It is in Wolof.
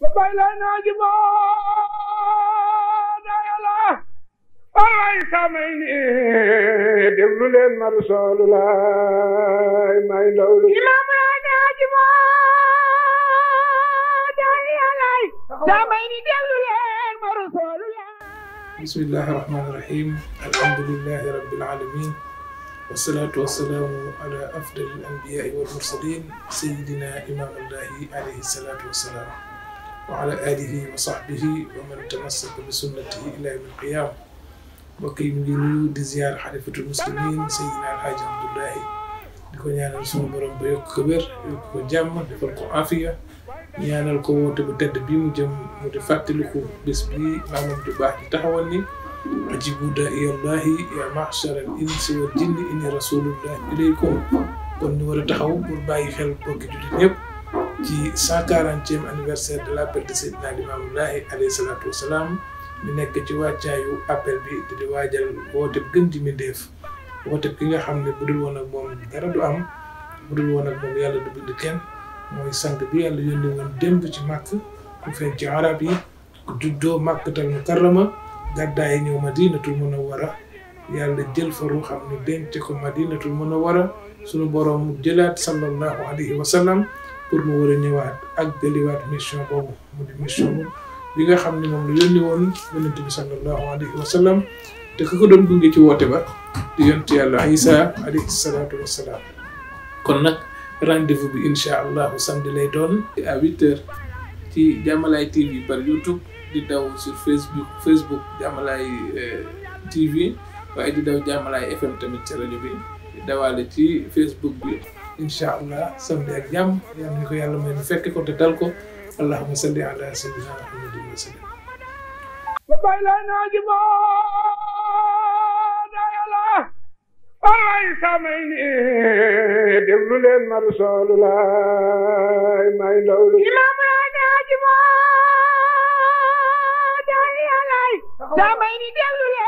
ما إمام بسم الله الرحمن الرحيم الحمد لله رب العالمين والصلاة والسلام على أفضل الأنبياء والمرسلين سيدنا إمام الله عليه الصلاة والسلام wa ala alihi wa sahbihi wa man tamassaka bi sunnatihi ila yawm alqiyama mbokk yi mu ngi nuyu di ziyaar xalifatul muslimin sayyidina alhaji abdullahi di ko ñaanal sunu borom ba yokk ko wér yokk ko jàmm defal ko afiya ñaanal ko woote bu tedd bi mu jëm mu di fàttaliku bés bii maamam du baax di taxawal ni ajibu daa'iyallahi ya mahshara al insi wal jinni inni rasulullah ilaykum kon ñu war a taxaw pour bàyyi xel bokki jullit ñëpp ci cent quarantième anniversaire de l'appel de Seydina Limamou Laye alayhi salaatu wa salaam nekk ci wàccaayu appel bi di di waajal woote gën di mbindéef woote ki nga xam ne bu dul woon ak moom dara du am bu dul woon moom yàlla du bind kenn mooy sang bi yàlla yónni woon démb ci màkk ku feeñ ci arab yi ku juddoo màkkatal mukarrama gàddaay ñëw madinatul munawwara yàlla jël fa ruuxam ne denc ko madinatul munawwara sunu boroom jëlaat sallallahu alayhi wa sallam pour moo war a ñëwaat ak dëliwaat mission boobu mission bi nga xam ne moom lu yónni woon yonent bi sallallahu alayhi wa te ku ko doon gunge ci woote ba di yonent yàlla Isa alayhi salaatu wa kon nag rendez-vous bi incha allahu samedi lay doon à huit heures ci Diamalaye TV par YouTube di daw sur Facebook Facebook Diamalaye euh, TV waaye di daw Diamalaye FM tamit ci rajo bi dawaale ci Facebook bi incha allah samedi ak jàmm yal na ko yàlla may nu fekk ko te dal ko allahumma salli ala sayyidina muhammadin wa sallam ba bàyyi laa naa ji moo daa yàlla waay samay